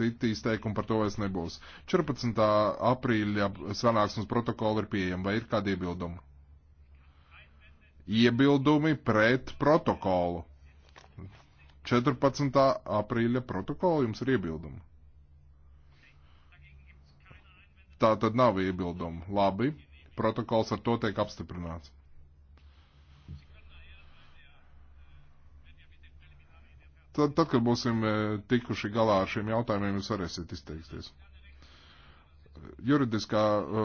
Citi izteikumi par to vairs nebūs. 14. aprīļa sanāksmes protokola ir pieejama. Vai ir kādi iebildumi? Iebildumi pret protokolu. 14. aprīļa protokola jums ir iebildumi. Tā tad nav iebildumu. Labi, protokols ar to tiek apstiprināts. Tad, tad, kad būsim e, tikuši galā ar šiem jautājumiem, jūs varēsiet izteikties. Juridiskā e,